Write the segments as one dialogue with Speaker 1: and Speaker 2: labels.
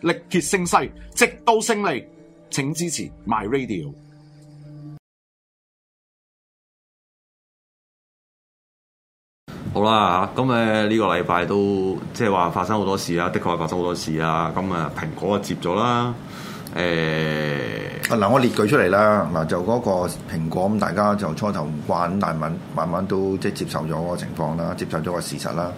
Speaker 1: 力竭聲嘶，直到勝利。請支持 My Radio。好啦，咁誒呢個禮拜都即係話發生好多事啊，的確發生好多事啊。咁、嗯、啊，蘋果就接、欸、啊接咗啦。誒嗱，我列舉出嚟啦。嗱、啊，就嗰個蘋果咁，大
Speaker 2: 家就初頭唔慣，但慢慢都即係接受咗個情況啦，接受咗個事實啦。啊。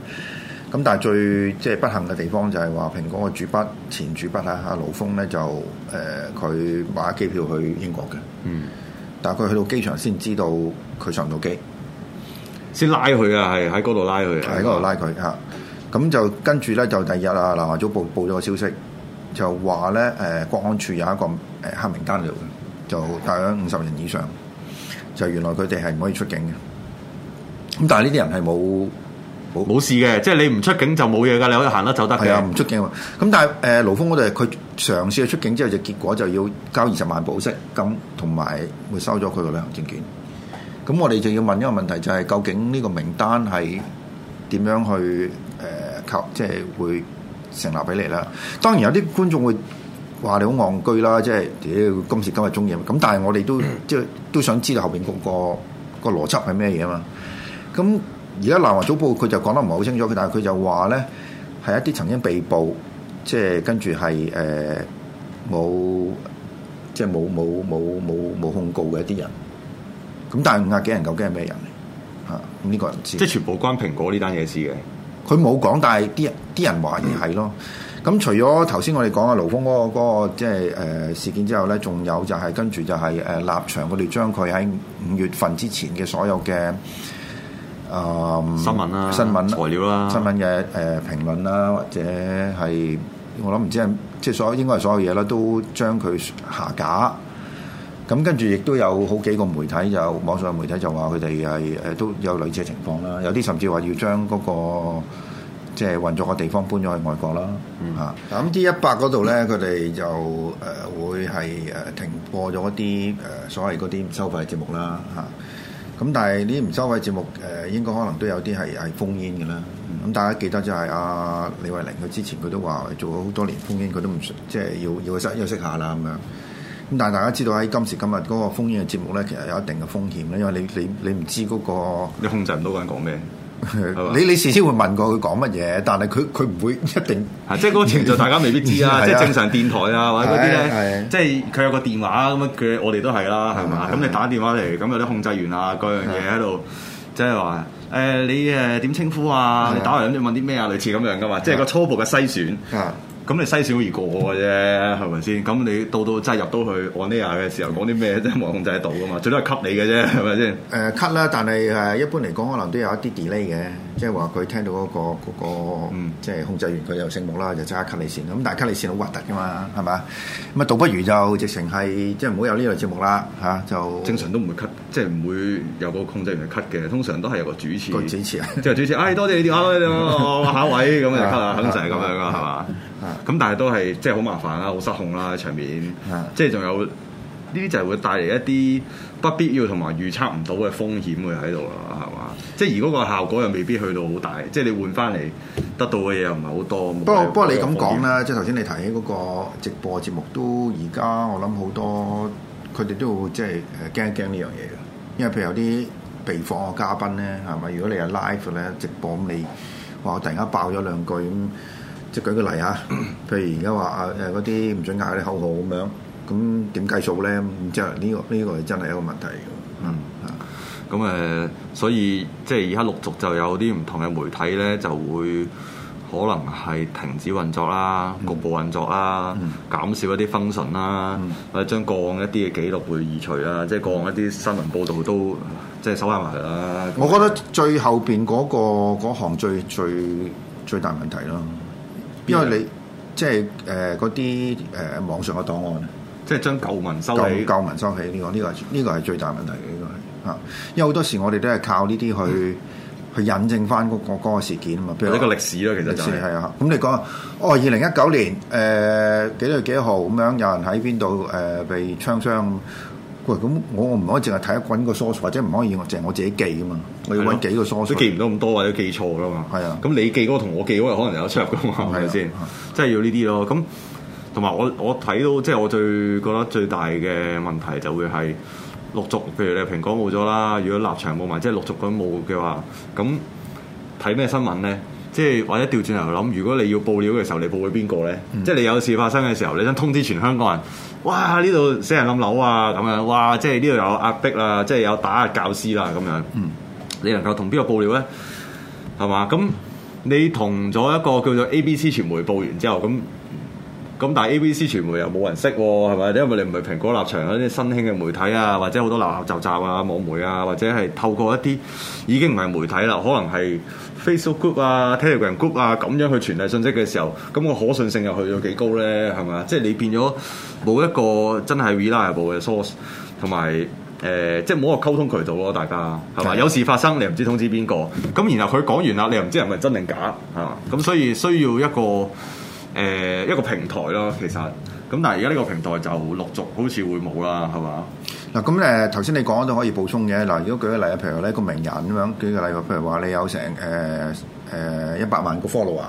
Speaker 2: 咁但係最即係不幸嘅地方就係話，蘋果嘅主筆前主筆啊，阿盧峰咧就誒佢、呃、買咗機票去英國嘅，嗯，但係佢去到機場先知道佢上唔到機，先拉佢啊，係喺嗰度拉佢，喺嗰度拉佢嚇，咁就跟住咧就第二日啦，南華早報報咗個消息，就話咧誒，國安處有一個誒、呃、黑名單料，就大約五十人以上，就原來佢哋係唔可以出境嘅，咁但係呢啲人係冇。冇事嘅，
Speaker 1: 即係你唔出境就冇嘢噶，你可以行得走得嘅。係啊，唔出
Speaker 2: 境。咁但係誒，盧峯嗰度，佢嘗試出境之後，就結果就要交二十萬保釋金，同埋會收咗佢個旅行證件。咁我哋就要問一個問題，就係，就係究竟呢個名單係點樣去誒、呃、即係會成立俾你啦？當然有啲觀眾會話你好戇居啦，即係今時今日中嘢。咁但係我哋都 即係都想知道後邊嗰、嗰個、嗰個邏輯係咩嘢啊嘛？咁而家《南華早報》佢就講得唔係好清楚，佢但係佢就話咧係一啲曾經被捕，即係跟住係誒冇即係冇冇冇冇冇控告嘅一啲人。咁但係五廿幾人究竟係咩人嚟？呢、啊這個人知。即係全部關蘋果呢單嘢事嘅。佢冇講，但係啲人啲人懷疑係咯。咁除咗頭先我哋講阿盧峰嗰、那個即係誒事件之後咧，仲有就係、是、跟住就係、是、誒、呃、立場，我哋將佢喺五月份之前嘅所有嘅。嗯、啊！啊新聞啦，新聞材料啦，新聞嘅誒評論啦、啊，或者係我諗唔知，即係所，所有應該係所有嘢啦，都將佢下架。咁跟住亦都有好幾個媒體就網上媒體就話佢哋係誒都有類似嘅情況啦，有啲甚至話要將嗰、那個即係運作嘅地方搬咗去外國啦。嚇、嗯！咁 D 一百嗰度咧，佢哋就誒、呃、會係誒、呃、停播咗一啲誒、呃、所謂嗰啲收費節目啦。嚇！咁但係呢啲唔收費節目，誒、呃、應該可能都有啲係係封煙嘅啦。咁、嗯、大家記得就係、是、阿、啊、李慧玲佢之前佢都話做咗好多年封煙，佢都唔即係要要休休息下啦咁樣。咁但係大家知道喺今時今日嗰個封煙嘅節目咧，其實有一定嘅風險咧，因為你你你唔知嗰、那個你控制唔到個人講咩。你你事先會問過佢講乜嘢，但係佢佢唔會一定，即係嗰個程序大家未必知啊。即係正
Speaker 1: 常電台啊，或者嗰啲咧，即係佢有個電話咁樣。佢我哋都係啦，係嘛？咁你打電話嚟，咁有啲控制員啊，嗰樣嘢喺度，即係話誒你誒點稱呼啊？你打嚟咁你問啲咩啊？類似咁樣噶嘛，即係個初步嘅篩選。咁你西少而過嘅啫，係咪先？咁你到到真係入到去 on air 嘅時候，講啲咩真係冇控制到噶嘛？最多係 cut 你嘅啫，係咪先？
Speaker 2: 誒 cut、呃、啦，但係誒一般嚟講，可能都有一啲 delay 嘅，即係話佢聽到嗰個即係控制員佢有醒目啦，就即刻 cut 你，你線啦。咁但係 cut 你線好核突嘅嘛，係嘛？咁啊，倒不如就直情係即係唔好有呢類節目啦嚇、啊、就。正常都唔會 cut，即係唔
Speaker 1: 會有嗰個控制員去 cut 嘅。通常都係有個主持。個主持啊！即係主持，誒、 哎、多謝你電話，我下位咁就 cut 啦， 肯定係咁樣啦，係嘛？咁但係都係即係好麻煩啦，好失控啦，喺場面，是的 即係仲有呢啲就係會帶嚟一啲不必要同埋預測唔到嘅風險會喺度啦，係嘛？即係如果個效果又未必去到好大，即係你換翻嚟得到嘅嘢又唔係好多。不過不過你咁講啦，
Speaker 2: 險即係頭先你提起嗰個直播節目都而家我諗好多，佢哋都會即係驚一驚呢樣嘢，因為譬如有啲被訪嘅嘉賓咧，係咪？如果你係 live 咧直播咁，你話突然間爆咗兩句咁。即係舉個例啊，譬如而家話啊誒嗰啲唔准嗌你口號咁樣，咁點計數咧？咁即係呢個呢個係真係一個問題。嗯，
Speaker 1: 咁誒、嗯嗯，所以即係而家陸續就有啲唔同嘅媒體咧，就會可能係停止運作啦，局部運作啦，嗯、減少一啲功能啦，或者將過往一啲嘅記錄去移除啦，嗯、即係過往一啲新聞報導都即係收翻埋啦。我
Speaker 2: 覺得最後邊嗰、那個嗰、那個那個、行最最最大問題咯。因為你即係誒嗰啲誒網上嘅檔案，即係將舊文收起，舊文收起呢、呢個呢、呢個係呢、呢個係最大問題嘅呢、呢個係啊！因為好多時我哋都係靠呢啲去、嗯、去引證翻、嗰、嗰、個嗰個事件啊嘛，譬如呢個
Speaker 1: 歷史咯，其實就係、係、啊。
Speaker 2: 咁、嗯、你講哦，二零一九年誒、呃、幾多月幾多號咁樣，有人喺邊度誒被槍傷？喂，咁我我唔可以淨係睇一滾個 source，或者唔可以我淨係我自己記噶嘛？我要揾幾個 source，都記唔
Speaker 1: 到咁多或者記錯啦嘛？係啊是的，咁你記嗰個同我記嗰個可能有出入噶嘛？係咪先？即係要呢啲咯。咁同埋我我睇到即係、就是、我最覺得最大嘅問題就會係陸續，譬如你蘋果冇咗啦，如果立場冇埋，即係陸續咁冇嘅話，咁睇咩新聞咧？即係或者調轉頭諗，如果你要報料嘅時候，你報俾邊個呢？嗯、即係你有事發生嘅時候，你想通知全香港人，哇！呢度死人冧樓啊咁樣，哇！即係呢度有壓迫啦、啊，即係有打壓教師啦、啊、咁樣。嗯、你能夠同邊個報料呢？係嘛？咁你同咗一個叫做 ABC 傳媒報完之後，咁。咁但係 ABC 傳媒又冇人識喎，係嘛？因為你唔係蘋果立場嗰啲新興嘅媒體啊，或者好多垃垃雜雜啊網媒啊，或者係透過一啲已經唔係媒體啦，可能係 Facebook Group 啊、Telegram Group 啊咁樣去傳遞信息嘅時候，咁個可信性又去到幾高咧？係嘛？即係你變咗冇一個真係 reliable 嘅 source，同埋誒即係冇個溝通渠道咯，大家係嘛？的有事發生你又唔知通知邊個，咁然後佢講完啦，你又唔知係咪真定假嚇，咁所以需要一個。誒、呃、一個平台咯，其實咁，但係而家呢個平台就陸續好似會冇啦，係嘛？嗱咁誒，頭、呃、先你講都可以補充
Speaker 2: 嘅。嗱、呃，如果舉個例，譬如呢個名人咁樣，舉個例，譬如話你有成誒誒、呃呃、一百萬個 follower，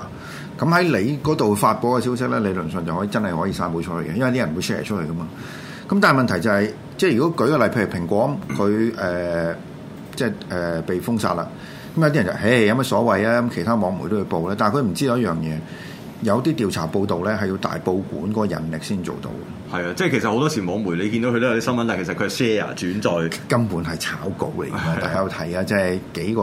Speaker 2: 咁喺你嗰度發佈嘅消息咧，理論上就可以真係可以散佈出去嘅，因為啲人會 share 出去噶嘛。咁但係問題就係、是，即係如果舉個例，譬如蘋果佢誒、呃、即係誒、呃、被封殺啦，咁有啲人就誒有乜所謂啊？咁其他網媒都要報咧，但係佢唔知道一樣嘢。有啲調查報導咧，係要大報館嗰個人力先做
Speaker 1: 到嘅。係啊的，即係其實好多時網媒你見到佢都有啲新聞，但係其實佢係 share 轉載，根本係炒稿嚟㗎。大家有睇啊，即係幾個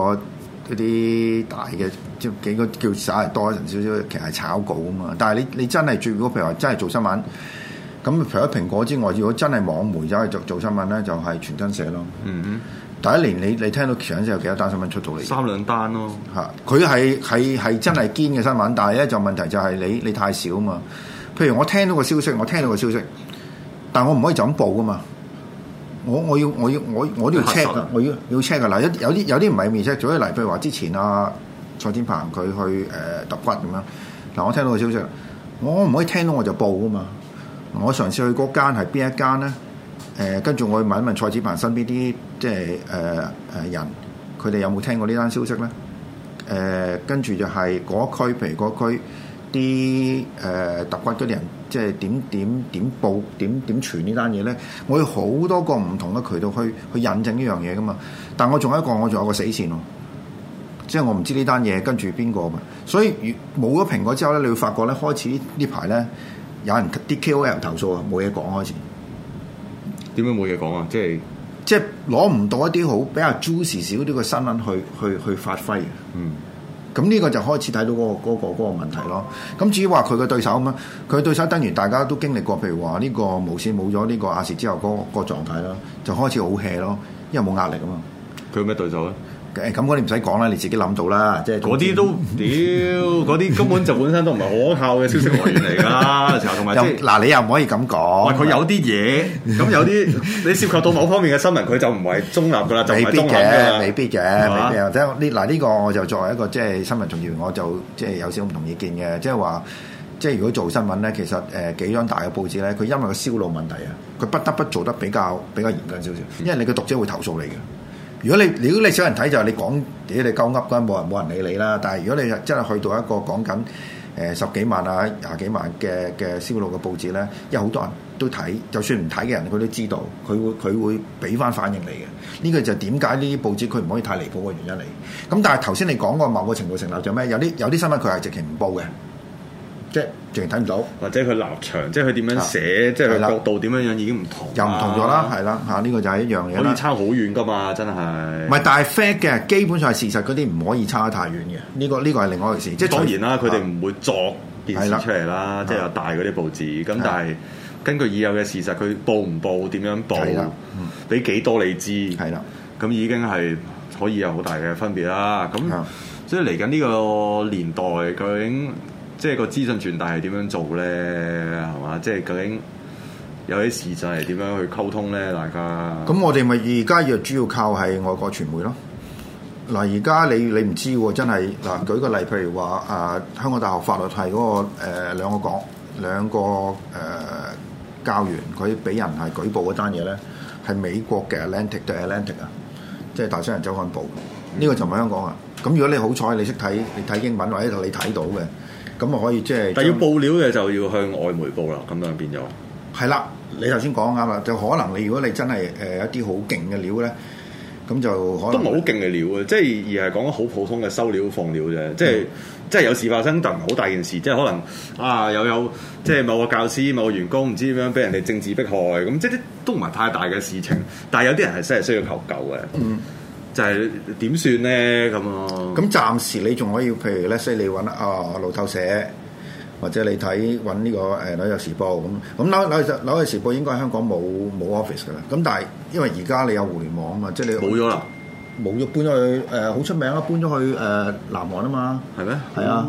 Speaker 1: 嗰啲大嘅，即係幾個
Speaker 2: 叫耍係多人少少，其實係炒稿啊嘛。但係你你真係如果譬如話真係做新聞，咁除咗蘋果之外，如果真係網媒走去做做新聞咧，就係、是、全真社咯。嗯，嗯。第一年你你聽到搶咗有幾多單新聞出到嚟？
Speaker 1: 三兩單咯、哦。
Speaker 2: 嚇，佢係係係真係堅嘅新聞，但係咧就問題就係你你太少啊嘛。譬如我聽到個消息，我聽到個消息，但我唔可以就咁報噶嘛。我我要我要我我都要 check 㗎，我要要 check 㗎。嗱，有啲有啲唔係面識，舉例譬如話之前啊，蔡天鵬佢去誒揼、呃、骨咁樣，嗱我聽到個消息，我唔可以聽到我就報噶嘛。我上次去嗰間係邊一間咧？誒、呃、跟住我去問一問蔡子煇身邊啲即係誒誒人，佢哋有冇聽過呢單消息咧？誒、呃、跟住就係嗰區譬如嗰區啲誒揼骨嗰啲人，即係點點點報點點傳呢單嘢咧？我有好多個唔同嘅渠道去去引證呢樣嘢噶嘛。但我仲有一個，我仲有個死線喎，即係我唔知呢單嘢跟住邊個嘛。所以冇咗蘋果之後咧，你會發覺咧開始呢排咧有人啲 KOL 投訴啊，冇嘢講開始。點解冇
Speaker 1: 嘢講啊？即係
Speaker 2: 即係攞唔到一啲好比較 juicy 少啲嘅新聞去去去發揮。嗯，咁呢個就開始睇到嗰個嗰個嗰個問題咯。咁至於話佢嘅對手咁啊，佢嘅對手等於大家都經歷過，譬如話呢個無線冇咗呢個亞視之後嗰個嗰個狀態啦，就開始好 hea 咯，因為冇壓力啊嘛。佢有咩對手咧？誒咁嗰啲唔使講啦，你自己諗到啦，即係嗰啲都屌，
Speaker 1: 嗰啲根本就本身都唔係可靠嘅消息來源嚟噶啦。嗱，你又唔可以咁講。佢有啲嘢，咁不是 有啲你涉及到某方面嘅新聞，佢就唔係中立噶啦，就未必嘅，未必嘅，係嘛、啊？即係
Speaker 2: 呢嗱呢個我就作為一個即係新聞從業員，我就即係有少少唔同意見嘅，即係話即係如果做新聞咧，其實誒、呃、幾張大嘅報紙咧，佢因為個銷路問題啊，佢不得不做得比較比較嚴格少少，因為你嘅讀者會投訴你嘅。如果你如果你少人睇就係你講你哋鳩噏嘅，冇人冇人理你啦。但係如果你真係去到一個講緊誒十幾萬啊、廿幾萬嘅嘅銷路嘅報紙咧，因為好多人都睇，就算唔睇嘅人佢都知道，佢會佢會俾翻反應你嘅。呢個就點解呢啲報紙佢唔可以太離譜嘅原因嚟。咁但係頭先你講過某個程度成立咗咩？有啲有啲新聞佢係直情唔報嘅。
Speaker 1: 即係仍然睇唔到，或者佢立場，即係佢點樣寫，即係佢角度點樣樣已經唔同，又唔同咗啦，係啦吓，呢個就係一樣嘢，可以差好遠㗎嘛，真係。唔係，但
Speaker 2: 係 fact 嘅基本上係事實嗰啲唔可以差得太遠嘅。呢個呢個係另外一回事。即係當然啦，佢
Speaker 1: 哋唔會作編寫出嚟啦，即係有大嗰啲報紙。咁但係根據已有嘅事實，佢報唔報，點樣報，俾幾多你知，係啦。咁已經係可以有好大嘅分別啦。咁所以嚟緊呢個年代究竟？即係個資訊傳遞係點樣做咧，係嘛？即係究竟有啲事就係點樣去溝通咧？大家，咁
Speaker 2: 我哋咪而家要主要靠係外國傳媒咯。嗱，而家你你唔知喎，真係嗱，舉個例，譬如話啊，香港大學法律系嗰、嗰個誒、呃、兩個講兩個教員，佢俾人係舉報嗰單嘢咧，係美國嘅 At Atlantic 對 Atlantic 啊，即係《大西洋周刊》報、嗯，呢個就唔係香港啊。咁如果你好彩，你識睇，你睇英文或者你睇到嘅。咁我可以即係，但要
Speaker 1: 報料嘅就要向外媒報啦，咁樣變咗。
Speaker 2: 係啦的，你頭先講啱啦，就可能你如果你真係誒一啲好勁嘅料咧，
Speaker 1: 咁就可能，都唔係好勁嘅料啊。即係而係講緊好普通嘅收料放料啫，即係、嗯、即係有事發生，但唔係好大件事，即係可能啊又有，有即係某個教師、某個員工唔知點樣俾人哋政治迫害，咁即係都唔係太大嘅事情， 但係有啲人係真係需要求救嘅。嗯。就係點算咧？咁咁，暫時你仲可以譬如咧，所以你
Speaker 2: 揾啊路透社，或者你睇揾呢個誒、欸、紐約時報咁。咁紐紐約紐約時報應該香港冇冇 office 㗎啦。咁但係因為而家你有互聯網啊嘛，即係你冇咗啦，冇咗搬咗去誒好出名啊，搬咗去誒南韓啊嘛，
Speaker 1: 係咩？係啊，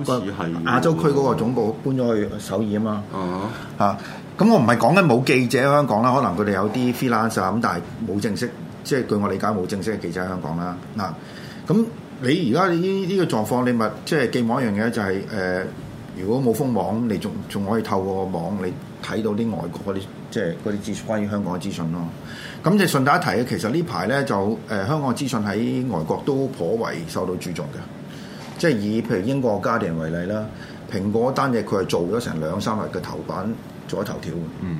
Speaker 1: 亞洲區嗰個
Speaker 2: 總部搬咗去首爾啊嘛。哦，嚇！咁我唔係講緊冇記者喺香港啦，可能佢哋有啲 freelancer 咁，但係冇正式。即係據我理解冇正式嘅記者喺香港啦，嗱，咁你而家呢呢個狀況，你咪即係寄望一樣嘢就係、是、誒、呃，如果冇封網，你仲仲可以透過個網，你睇到啲外國嗰啲即係嗰啲資訊關於香港嘅資訊咯。咁就順帶一提，其實呢排咧就誒、呃、香港資訊喺外國都頗為受到注重嘅，即係以譬如英國 Guardian 為例啦，蘋果單日佢係做咗成兩三日嘅頭版做咗頭條。嗯。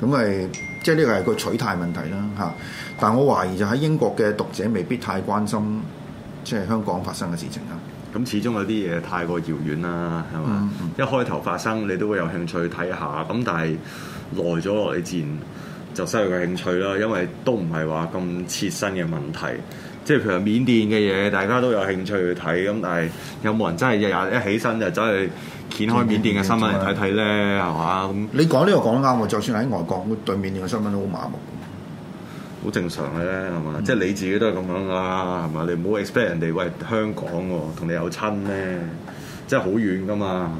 Speaker 2: 咁係，即係呢個係個取態問題啦，嚇！但我懷疑就喺英國嘅讀者未必太關心，即係香港發生嘅事情啦。
Speaker 1: 咁始終有啲嘢太過遙遠啦，係嘛？嗯嗯、一開頭發生你都會有興趣睇下，咁但係耐咗落你自然就失去個興趣啦，因為都唔係話咁切身嘅問題。即係譬如緬甸嘅嘢，大家都有興趣去睇咁，但係有冇人真係日日一起身就走去掀開緬甸嘅新聞嚟睇睇咧？係嘛？咁
Speaker 2: 你講呢個講得啱喎，就算喺外國，對緬甸嘅新聞都好麻木，
Speaker 1: 好正常嘅啫，係嘛？嗯、即係你自己都係咁樣㗎，係嘛？你唔好 expect 人哋喂，香港喎、哦，同你有親咧，即係好遠噶嘛，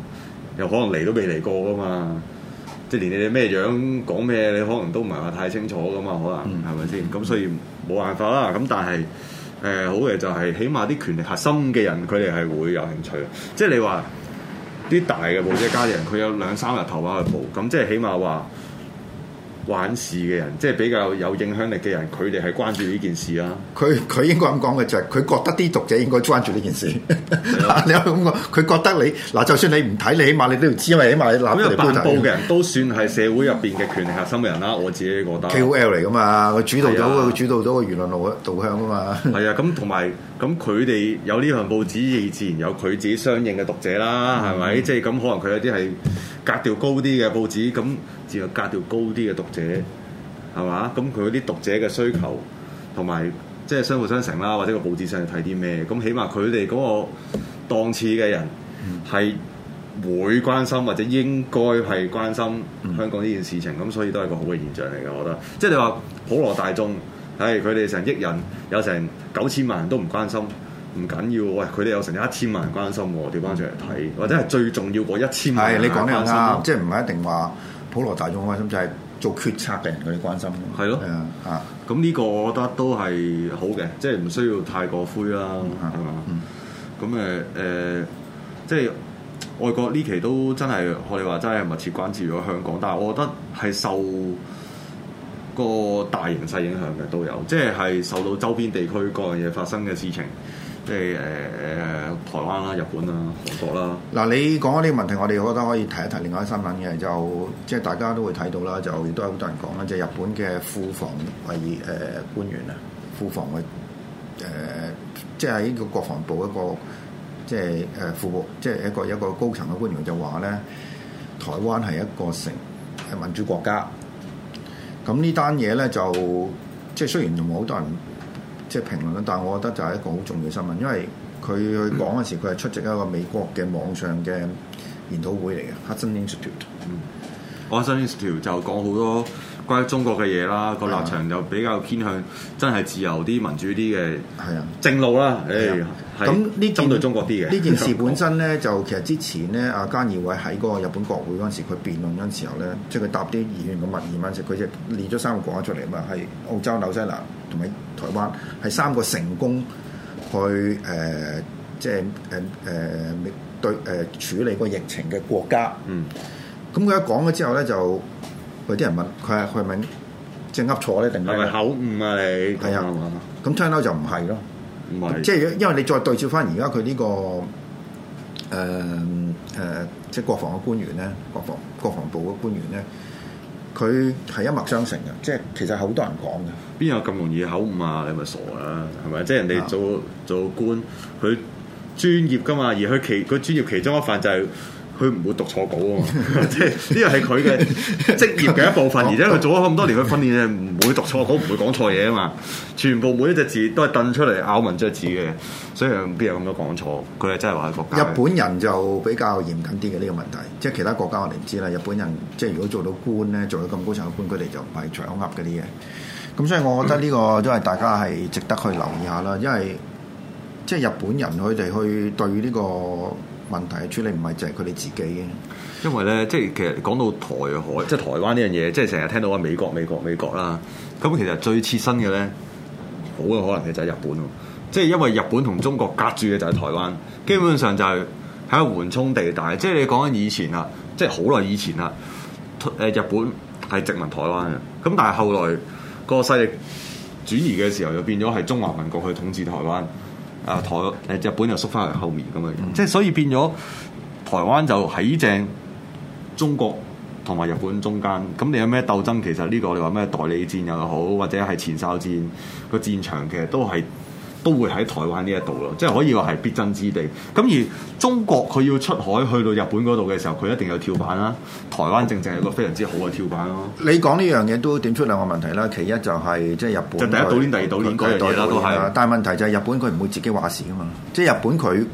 Speaker 1: 又可能嚟都未嚟過噶嘛。即係連你哋咩樣講咩，你可能都唔係話太清楚噶嘛，可能係咪先？咁、嗯、所以冇辦法啦。咁但係誒、呃、好嘅就係，起碼啲權力核心嘅人，佢哋係會有興趣。即係你話啲大嘅報者家嘅人，佢有兩三日頭揾去報，咁即係起碼話。玩事嘅人，即係比較有影響力嘅人，佢哋係關注呢件事啊！佢
Speaker 2: 佢應該咁講嘅就係，佢覺得啲讀者應該關注呢件事。你有咁講？佢覺得你嗱，就算你唔睇，你起碼你都要知，因為起碼你攬入就半報嘅人
Speaker 1: 都算係社會入邊嘅權力核心嘅人啦。我自己覺得。KOL 嚟噶嘛？佢主導咗，佢是、啊、主導咗個輿論路導向啊嘛。係 啊，咁同埋咁佢哋有呢份報紙，自然有佢自己相應嘅讀者啦，係咪、嗯？即係咁可能佢有啲係。格調高啲嘅報紙，咁自然格調高啲嘅讀者，係嘛？咁佢嗰啲讀者嘅需求，同埋即係相互相成啦，或者個報紙想睇啲咩？咁起碼佢哋嗰個檔次嘅人係會關心，或者應該係關心香港呢件事情，咁所以都係一個好嘅現象嚟嘅，我覺得。即係你話普羅大眾，唉、哎，佢哋成億人，有成九千萬人都唔關心。唔緊要，喂！佢哋有成一千萬人關心、嗯、我，調翻上嚟睇，或者係最重要過一千萬人你講得啱，心即係唔
Speaker 2: 係一定話普羅大眾關心，就係、是、做決策嘅人嗰啲關心。係咯，啊，
Speaker 1: 咁呢個我覺得都係好嘅，即係唔需要太過灰啦。係嘛？咁誒誒，即係外國呢期都真係我哋話真係密切關注咗香港，但係我覺得係受個大形勢影響嘅都有，即係係受到周邊地區各樣嘢發生嘅事情。即係誒誒台灣啦、日本啦、韓國啦。
Speaker 2: 嗱，你講開呢個問題，我哋覺得可以提一提另外一個新聞嘅，就即係大家都會睇到啦，就亦都有好多人講啦，就日本嘅庫房為誒官員啊，庫房嘅誒，即係喺個國防部一個即係誒副部，即係一個一個高層嘅官員就話咧，台灣係一個成民主國家。咁呢單嘢咧就即係雖然仲好多人。即係評論啦，但係我覺得就係一個好重要嘅新聞，因為佢去講嗰時，佢係出席一個美國嘅網上嘅研討會嚟嘅，嗯、Hudson Institute。嗯
Speaker 1: Hudson Institute 就講好多。關於中國嘅嘢啦，個立場就比較偏向真係自由啲、民主啲嘅，係啊，正路啦，誒，咁呢針對中國啲嘅呢件事
Speaker 2: 本身咧，就其實之前咧，阿菅義偉喺嗰個日本國會嗰陣時，佢辯論嗰陣時候咧，即係佢答啲議員嘅問議嗰陣時，佢就列咗三個國家出嚟，嘛，係澳洲、紐西蘭同埋台灣，係三個成功去誒，即係誒誒對誒、呃、處理嗰個疫情嘅國家。嗯，咁佢一講咗之後咧，就。有啲人問佢係佢係咪即係噏錯咧？定係咪口
Speaker 1: 誤啊？你係啊，
Speaker 2: 咁差 u 就唔係咯，唔係是即係因為你再對照翻而家佢呢個誒誒、呃呃、即係國防嘅官員咧，國防國防部嘅官員咧，佢係一脈相承嘅，即係其實好多人講嘅。
Speaker 1: 邊有咁容易口誤啊？你咪傻啦，係咪？即係人哋做做官，佢專業噶嘛，而佢其個專業其中一份就係、是。佢唔會讀錯稿啊嘛，即係呢個係佢嘅職業嘅一部分， 而且佢做咗咁多年嘅 訓練，唔會讀錯稿，唔 會講錯嘢啊嘛。全部每一隻字都係掟出嚟咬文嚼字嘅，所以邊有咁多講錯？佢係真係話係國家。日本人就
Speaker 2: 比較嚴謹啲嘅呢個問題，即係其他國家我哋唔知啦。日本人即係如果做到官咧，做到咁高層嘅官，佢哋就唔係掌握鴨啲嘢。咁所以我覺得呢個都係大家係值得去留意下啦，嗯、因為即係日本人佢哋去對呢、呢個。問題嘅處理唔係淨係佢哋自己嘅，
Speaker 1: 因為咧，即係其實講到台海，即係台灣呢樣嘢，即係成日聽到話美國、美國、美國啦。咁其實最切身嘅咧，好嘅可能嘅就係日本。即係因為日本同中國隔住嘅就係台灣，基本上就係喺個緩衝地帶。即係你講緊以前啊，即係好耐以前啦，誒日本係殖民台灣嘅。咁但係後來個勢力轉移嘅時候，就變咗係中華民國去統治台灣。啊台誒日本又縮翻去後面咁樣，嗯、即係所以變咗台灣就喺正中國同埋日本中間。咁你有咩鬥爭？其實呢個我哋話咩代理戰又好，或者係前哨戰、個戰場，其實都係。都會喺台灣呢一度咯，即係可以話係必爭之地。咁而中國佢要出海去到日本嗰度嘅時候，佢一定有跳板啦。台灣正正係一個非常之好嘅跳板咯。
Speaker 2: 你講呢樣嘢都點出兩個問題啦。其一就係、是、即係日本，第一島鏈他第二島鏈嗰樣嘢啦，都係他。他但係問題就係日本佢唔會自己話事㗎嘛。即係是日本佢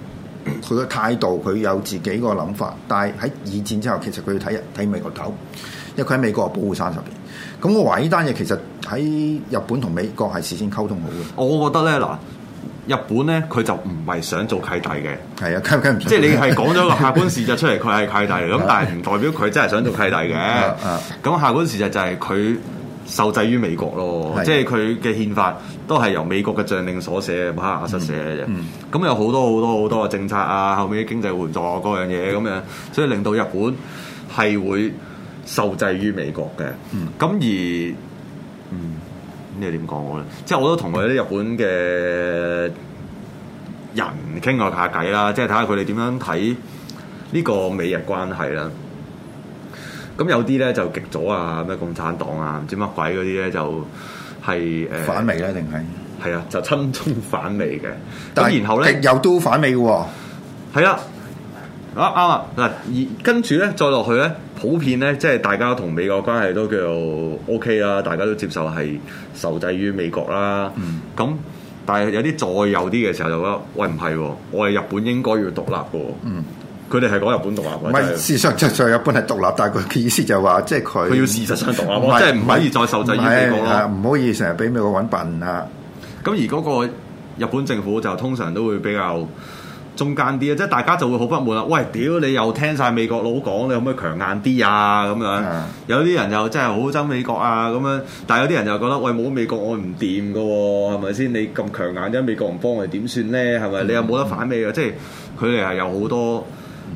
Speaker 2: 佢嘅態度佢有自己個諗法，但係喺二戰之後其實佢要睇睇美國頭，因為佢喺美國保護傘入邊。咁我話呢單嘢其實喺日本同美國係事先溝通好嘅。
Speaker 1: 我覺得咧嗱。日本咧，佢就唔係想做契弟嘅。係啊，即係你係講咗個客觀事實出嚟，佢係契弟咁，但係唔代表佢真係想做契弟嘅。咁客觀事實就係佢受制於美國咯，即係佢嘅憲法都係由美國嘅將領所寫，麥克阿瑟寫嘅。咁有好多好多好多嘅政策啊，後面啲經濟援助嗰樣嘢咁樣，所以令到日本係會受制於美國嘅。咁而嗯。你我呢點講好咧？即係我都同佢啲日本嘅人傾、嗯、過下偈啦，即係睇下佢哋點樣睇呢個美日關係啦。咁有啲咧就極左啊，咩共產黨啊，唔知乜鬼嗰啲咧就係、呃、反美咧，定係係啊，就親中反美嘅。咁但 然後咧，極右都反美嘅喎，係啊。啊啱，啊。嗱，而跟住咧，再落去咧，普遍咧，即係大家同美國關係都叫做 O、OK、K 啦，大家都接受係受制於美國啦。咁、嗯、但係有啲再右啲嘅時候，就覺得喂，唔係、哦，我哋日本應該要獨立嘅。佢哋係講日本獨立。唔係、嗯就是、
Speaker 2: 事實上在日本係獨立，但係佢嘅意思就話即係佢。佢、就是、要事實上獨立，即係唔可以再受制於美國咯。唔可以成
Speaker 1: 日俾美國揾笨啊！咁而嗰個日本政府就通常都會比較。中間啲啊，即係大家就會好不滿啦。喂，屌你又聽晒美國佬講，你可唔可以強硬啲啊？咁樣有啲人又真係好憎美國啊，咁樣，但係有啲人又覺得喂，冇美國我唔掂噶喎，係咪先？你咁強硬，如果美國唔幫我點算咧？係咪？你又冇得反美啊。即係佢哋係有好多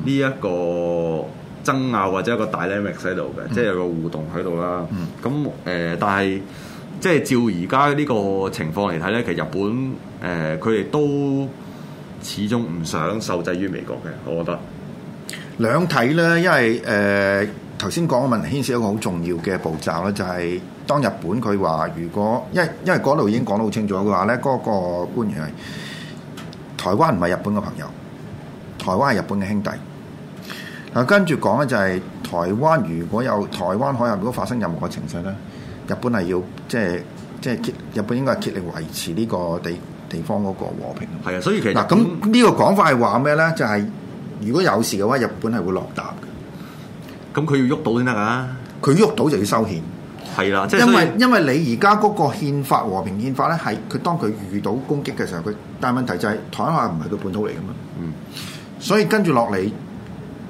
Speaker 1: 呢一個爭拗或者一個 dynamics 喺度嘅，即係有個互動喺度啦。咁誒，但係即係照而家呢個情況嚟睇咧，其實日本誒佢哋都。始終唔想受制於美國嘅，我覺得。
Speaker 2: 兩睇咧，因為誒頭先講嘅問題牽涉一個好重要嘅步驟咧，就係當日本佢話如果，因為因為嗰度已經講得好清楚嘅話咧，嗰個官員係台灣唔係日本嘅朋友，台灣係日本嘅兄弟。嗱跟住講咧就係台灣如果有台灣海峽如果發生任何嘅情勢咧，日本係要即係即係日日本應該係竭力維持呢個地。地方嗰個和平
Speaker 1: 係啊，所以其實嗱，咁
Speaker 2: 呢個講法係話咩咧？就係、是、如果有事嘅話，日本係會落膽嘅。咁佢要喐到先得㗎！佢喐到就要修憲，
Speaker 1: 係啦、即係，因為
Speaker 2: 因為你而家嗰個憲法和平憲法咧，係佢當佢遇到攻擊嘅時候，佢但問題就係台灣話唔係佢半島嚟噶嘛，嗯，所以跟住落嚟，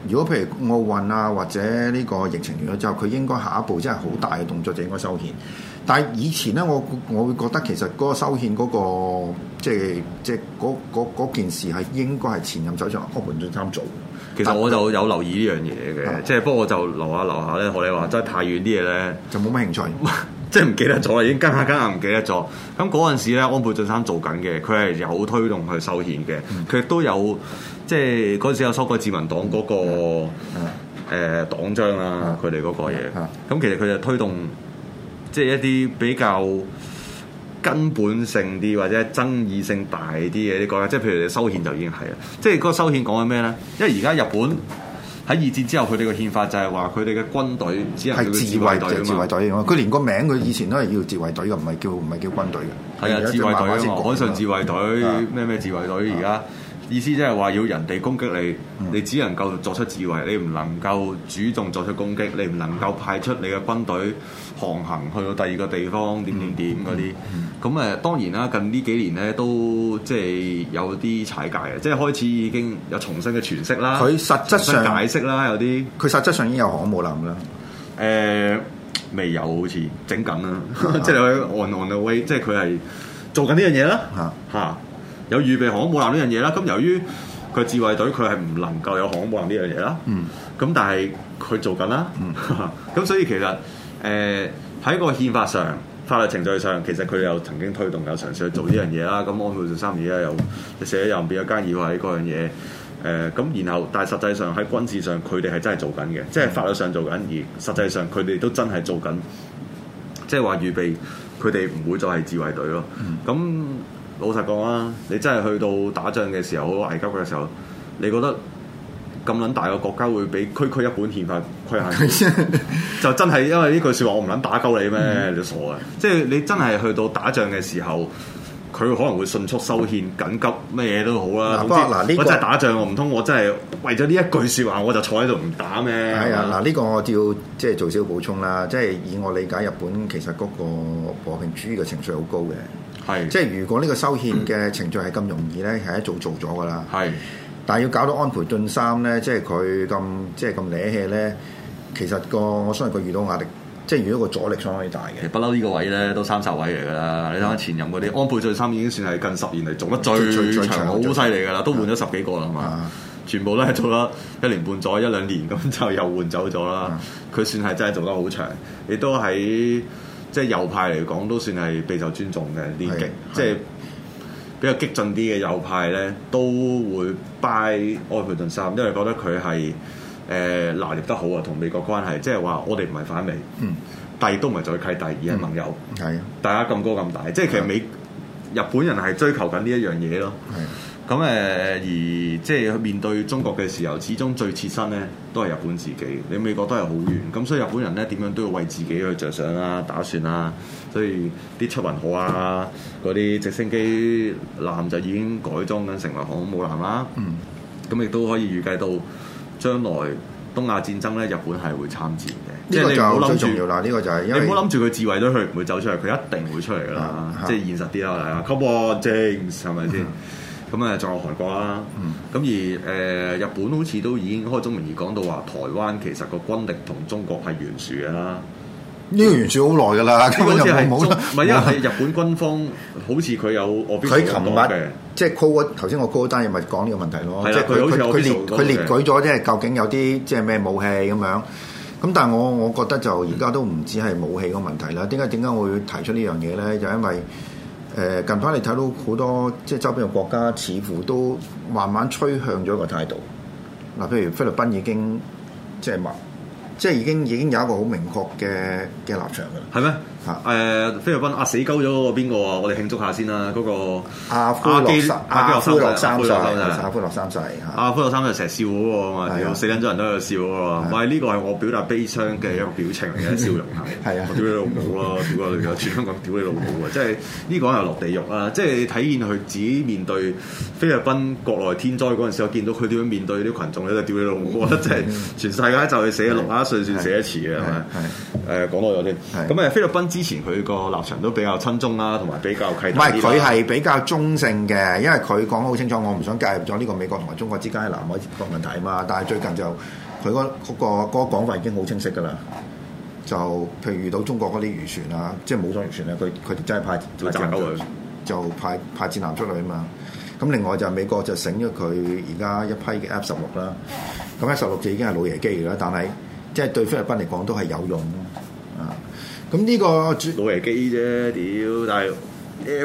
Speaker 2: 如果譬如奧運啊或者呢個疫情完咗之後，佢應該下一步真係好大嘅動作就應該修憲。但係以前咧，我我會覺得其實嗰個修憲嗰、嗰個即係即係嗰件事係應該係前任首相安倍晉三做。
Speaker 1: 其實我就有留意呢樣嘢嘅，即係的不過我就留下留下咧，我哋話真係太遠啲嘢咧，就冇乜興趣，即係唔記得咗啦，已經間下間下唔記得咗。咁嗰陣時咧，安倍晉三做緊嘅，佢係有推動去修憲嘅，佢亦都有即係嗰陣時有修改自民黨嗰個誒黨章啦，佢哋嗰個嘢。咁其實佢就推動。即係一啲比較根本性啲或者爭議性大啲嘅啲國家，即係譬如你修憲就已經係啦。即係嗰個修憲講緊咩咧？因為而家日本喺二戰之後，佢哋個憲法就係話佢哋嘅軍隊只能係自，自、就係、自衛隊，自
Speaker 2: 衛隊佢連個名佢以前都係叫自衛隊嘅，唔係叫唔係叫軍隊嘅。係啊，啊，自衛隊
Speaker 1: 啊嘛，海上自衛隊咩咩自衛隊而家。啊啊意思即係話要人哋攻擊你，你只能夠作出自衛，你唔能夠主動作出攻擊，你唔能夠派出你嘅軍隊航行去到第二個地方點點點嗰啲。咁誒、嗯嗯嗯、當然啦，近呢幾年咧都即係有啲踩界嘅，即係開始已經有重新嘅詮釋啦。佢實質上解釋啦，有啲佢實質上已經有航母艦啦。誒、呃、未有好似整緊啦，即係去 on the way 即係佢係做緊呢樣嘢啦。嚇！ 有預備航空母艦呢樣嘢啦，咁由於佢自衛隊佢係唔能夠有航空母艦呢樣嘢啦，咁、嗯、但係佢做緊啦，咁、嗯、 所以其實誒喺、呃、個憲法上法律程序上，其實佢又曾經推動，有嘗試去做呢樣嘢啦。咁安倍晉三而家又有寫有變有加議話喺嗰樣嘢誒，咁然後但係實際上喺軍事上佢哋係真係做緊嘅，即、就、係、是、法律上做緊，而實際上佢哋都真係做緊，即係話預備佢哋唔會再係自衛隊咯，咁、嗯。嗯。老實講啊，你真係去到打仗嘅時候，好危急嘅時候，你覺得咁撚大個國家會俾區區一本憲法規限？ 就真係因為呢句説話，我，我唔撚打鳩你咩？你傻啊！即係你真係去到打仗嘅時候，佢可能會迅速修憲緊急乜嘢都好啦。嗱，呢個真係打仗，我唔通我真係為咗呢一句説話，我就坐喺度唔打咩？係啊、哎，嗱、這、
Speaker 2: 呢個我要即係做少少補充啦，即係以我理解，日本其實嗰個和平主義嘅情緒好高嘅。係，是即係如果呢個修憲嘅程序係咁容易咧，係、嗯、一早做咗㗎啦。係是，但係要搞到安倍晉三咧，即係佢咁即係咁惹氣咧，其實個我相信佢遇到壓力，即係遇到個阻力相當
Speaker 1: 之大嘅。不嬲呢個位咧都三十位嚟㗎啦，你睇下前任嗰啲、嗯、安倍晉三已經算係近十年嚟做得最最最長好犀利㗎啦，都換咗十幾個啦嘛，嗯、全部咧做咗一年半左右一兩年咁就又換走咗啦。佢、嗯嗯、算係真係做得好長，亦都喺。即係右派嚟講，都算係備受尊重嘅啲極，是即係比較激進啲嘅右派咧，都會 buy 安倍晉三，因為覺得佢係誒拿捏得好啊，同美國關係，即係話我哋唔係反美，嗯，帝都唔係再契弟，而係盟友，係、嗯、大家咁高咁大，即係其實美的日本人係追求緊呢一樣嘢咯。咁誒而即係面對中國嘅時候，始終最切身咧都係日本自己。你美國都係好遠，咁、嗯、所以日本人咧點樣都要為自己去着想啦、打算啦。所以啲出雲號啊，嗰啲直升機艦就已經改裝緊成為航空母艦啦。嗯，咁亦都可以預計到將來東亞戰爭咧，日本係會參戰嘅。呢個就係、最重要啦。呢、呢個
Speaker 2: 就係、因為、你唔好諗
Speaker 1: 住佢自衞咗佢唔會走出嚟，佢一定會出嚟噶啦。嗯、即係現實啲啦，係啊係咪先？咁啊，仲有韓國啦，咁、嗯、而誒、呃、日本好似都已經開宗明義講到話，台灣其實個軍力同中國係懸殊嘅啦，呢個懸殊、嗯、好耐㗎啦，根本就冇好啦。唔係因為日本軍方 好似佢有佢琴日，要
Speaker 2: 講即係 call 我頭先我 call 單又咪講呢個問題咯，的即係佢佢列佢列舉咗即係究竟有啲即係咩武器咁樣。咁但係我我覺得就而家都唔止係武器個問題啦。點解點解我會提出呢樣嘢咧？就是、因為誒近排你睇到好多即係周邊嘅國家，似乎都慢慢趨向咗一個態度。嗱，譬如菲律賓已經即係默，即係已經已經有一個好明確嘅嘅立
Speaker 1: 場㗎啦。係咩？誒菲律賓啊死鳩咗個邊個啊？我哋慶祝下先啦！嗰個阿阿基阿基諾三世阿基諾三世嚇阿基諾三世成日笑嗰個啊嘛，死緊咗人都喺度笑嗰個，唔係呢個係我表達悲傷嘅一個表情嘅笑容係，丟你老母咯！丟個有全香港丟你老母啊！即係呢個又落地獄啦！即係你體現佢自己面對菲律賓國內天災嗰陣時，我見到佢點樣面對啲羣眾咧，就丟你老母，覺得真係全世界就係死六啊歲算死一次嘅係咪？係誒講多咗先，咁啊菲律賓。之前佢個立場都比較親中中啦，同埋比較契。唔係佢係比
Speaker 2: 較中性嘅，因為佢講得好清楚，我唔想介入咗呢個美國同埋中國之間嘅南海嗰問題嘛。但係最近就佢嗰嗰個講、嗰個、法已經好清晰㗎啦。就譬如遇到中國嗰啲漁船啊，即係武裝漁船咧，佢佢哋真係派就走佢，就派派戰艦出嚟啊嘛。咁另外就係美國就醒咗佢而家一批嘅 F 十六啦。咁 F 十六就已經係老爺機㗎啦，但係即係對菲律賓嚟講都係有用。
Speaker 1: 咁呢個主老爺機啫，屌！但係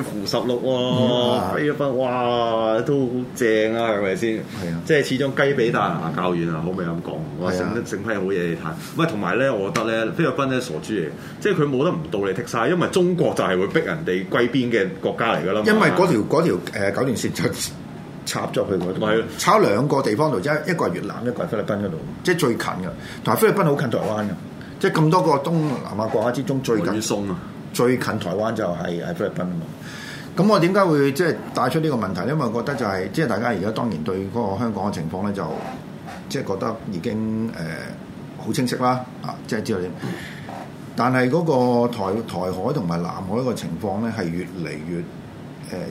Speaker 1: F 十六喎，嗯啊、菲律賓哇都好正啊，係咪先？係啊，即係始終雞髀，大牙、嗯啊、較遠啊，好唔好咁講？我話剩剩批好嘢你睇。唔同埋咧，我覺得咧菲律賓咧傻豬嚟，即係佢冇得唔到你剔晒，因為中國就係會逼人哋歸邊嘅國家嚟㗎啦。因為嗰條嗰、
Speaker 2: 呃、九段線就插咗去嗰度，的插兩個地方度，即係一個係越南，一個係菲律賓嗰度，即係最近㗎。同埋菲律賓好近台灣㗎。即係咁多個東南亞國家之中，最近最近台灣就係喺菲律賓啊嘛。咁我點解會即係帶出呢個問題咧？因為我覺得就係、是、即係大家而家當然對嗰個香港嘅情況咧，就即係覺得已經誒好、呃、清晰啦。啊，即係知道點。但係嗰個台台海同埋南海嘅情況咧，係越嚟越誒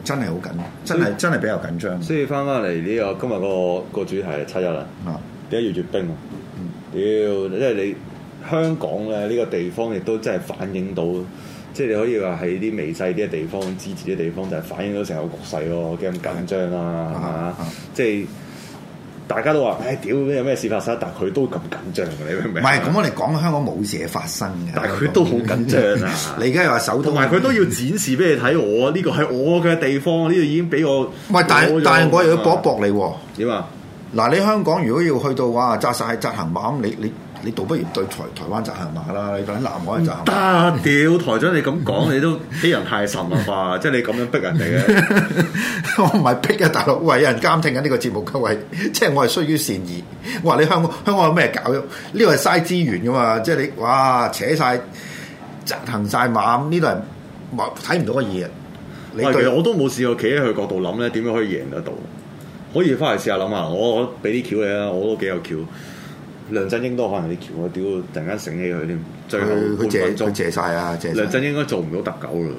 Speaker 2: 真係好緊，以真係真係比較緊張。
Speaker 1: 所以翻返嚟呢個今日個個主題七一啊？啊，點解要閱兵？嗯，屌，因為你。香港咧呢個地方亦都真係反映到，即係你可以話喺啲微細啲嘅地方、支持啲地方，就係反映到成個局勢咯，驚緊張啦，即係大家都話，唉，屌，有咩事發生？但係佢都咁緊張嘅，你明唔明？唔係咁，我哋
Speaker 2: 講香港冇事嘅發生嘅，但係佢都好緊張啊！
Speaker 1: 你啊而家又話手，同埋佢都要展示俾你睇我，呢個係我嘅地方，呢度已經俾我唔係，是但係但係我又要搏搏你點啊？
Speaker 2: 嗱，你香港如果要去到話，扎曬執行，你、啊啊、你。你你啊你你啊啊啊你你倒不如對台台灣執行馬啦，你對南海執行。得，
Speaker 1: 屌台長，你咁講，你都啲 人太神啦吧？即係你咁樣逼人哋咧，
Speaker 2: 我唔係逼啊！大陸，喂，有人監聽緊呢個節目各位，即係我係需於善意。我話你香港香港有咩搞？呢個係嘥資源㗎嘛，即係你哇扯曬執行曬馬，呢
Speaker 1: 度係睇唔到嘅嘢。你其實我都冇試過企喺佢角度諗咧，點樣可以贏得到？可以翻嚟試下諗下。我俾啲橋你啊，我都幾有橋。梁振英都可能啲我屌！突然間醒起佢添，佢佢借再
Speaker 2: 借晒啊！借梁振英應該做唔到特九啦。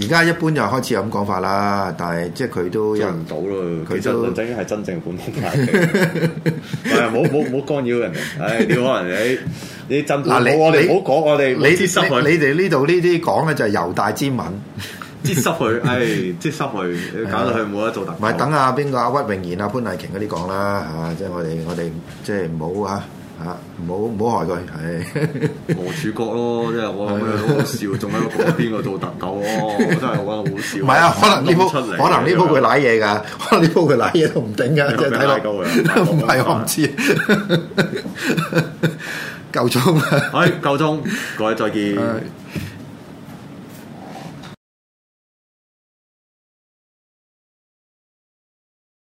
Speaker 2: 而家一般就開始有咁講法啦，但係即係
Speaker 1: 佢都入唔到咯。其實梁振英係真正管風帶，唔係唔好唔好干擾人哋。唉、 哎，你可能你你真，嗱，我哋唔好講我哋，你啲新聞，你哋
Speaker 2: 呢度呢啲講嘅就係猶大之吻。
Speaker 1: 接濕佢，唉，接濕佢，搞到佢冇得做特。
Speaker 2: 唔係等下，邊個阿屈榮賢、阿潘麗瓊嗰啲講啦，嚇，即係我哋，我哋即係唔好嚇嚇，唔好唔好害佢，係無主角咯，即係我覺得好好笑，
Speaker 1: 仲喺度講邊個做特狗，我真係覺得好笑。唔係啊，可能呢鋪出嚟，可能呢鋪佢
Speaker 2: 瀨嘢㗎，可能呢鋪佢瀨嘢都唔定㗎，即係睇落佢唔係我
Speaker 1: 唔知夠鐘，各位夠鐘，各位再見。